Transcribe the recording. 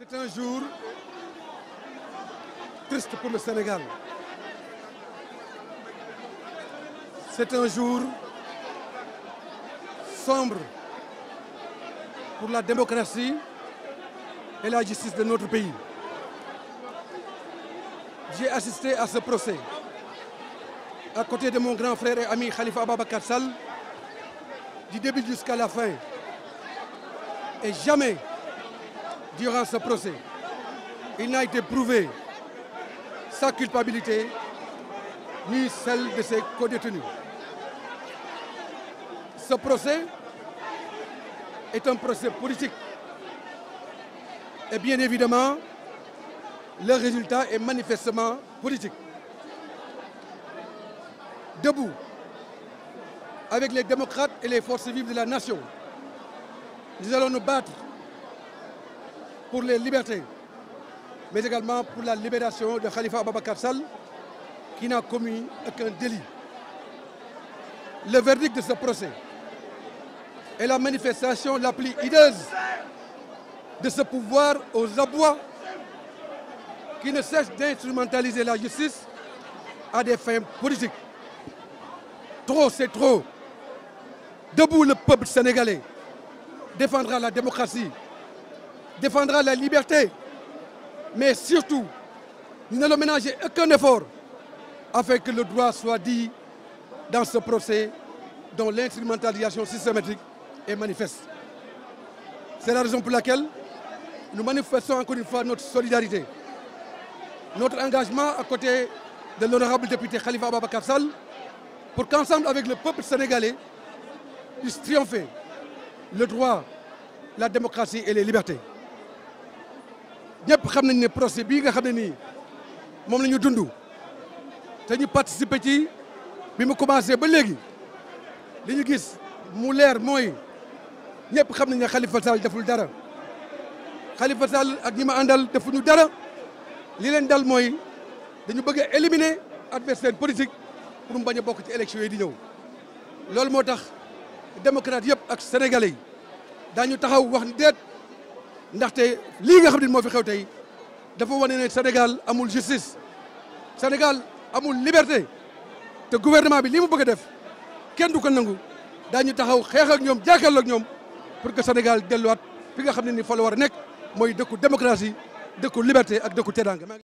C'est un jour triste pour le Sénégal. C'est un jour sombre pour la démocratie et la justice de notre pays. J'ai assisté à ce procès à côté de mon grand frère et ami Khalifa Ababa Kassal du début jusqu'à la fin. Et jamais durant ce procès, il n'a été prouvé sa culpabilité ni celle de ses codétenus. Ce procès est un procès politique. Et bien évidemment, le résultat est manifestement politique. Debout, avec les démocrates et les forces vives de la nation, nous allons nous battre pour les libertés, mais également pour la libération de Khalifa Ababakar Sall, qui n'a commis aucun délit. Le verdict de ce procès est la manifestation la plus hideuse de ce pouvoir aux abois qui ne cesse d'instrumentaliser la justice à des fins politiques. Trop, c'est trop. Debout, le peuple sénégalais défendra la démocratie défendra la liberté. Mais surtout, nous n'allons ménager aucun effort afin que le droit soit dit dans ce procès dont l'instrumentalisation systématique est manifeste. C'est la raison pour laquelle nous manifestons encore une fois notre solidarité, notre engagement à côté de l'honorable député Khalifa Baba Sall pour qu'ensemble avec le peuple sénégalais puisse triompher le droit, la démocratie et les libertés. ñëpp xam nañ ne procès bii nga xam ne nii moom la ñu dund te ñu participer ci bi mu commencé ba léegi li ñu gis mu leer mooy ñëpp xam nañ ne Khalifa deful dara Khalifa Sall ak ñi ma àndal defuñu dara li leen dal mooy dañu bëgg a éliminer adversaire politique pour mu bañ a bokk ci élection yi di ñëw loolu moo tax démocrate yëpp ak sénégalais daañu taxaw wax ni déet. ndaxte lii nga xam ne moo fi xew tey dafa wane ne Sénégal amul justice Sénégal amul liberté te gouvernement bi li mu bëgg a def kenn du ko nangu daañu taxaw xeex ak ñoom jàkkaarloo ak ñoom pour que Sénégal delluwaat fi nga xam ne ni fa la war a nekk mooy dëkku démocratie dëkku liberté ak dëkku teraanga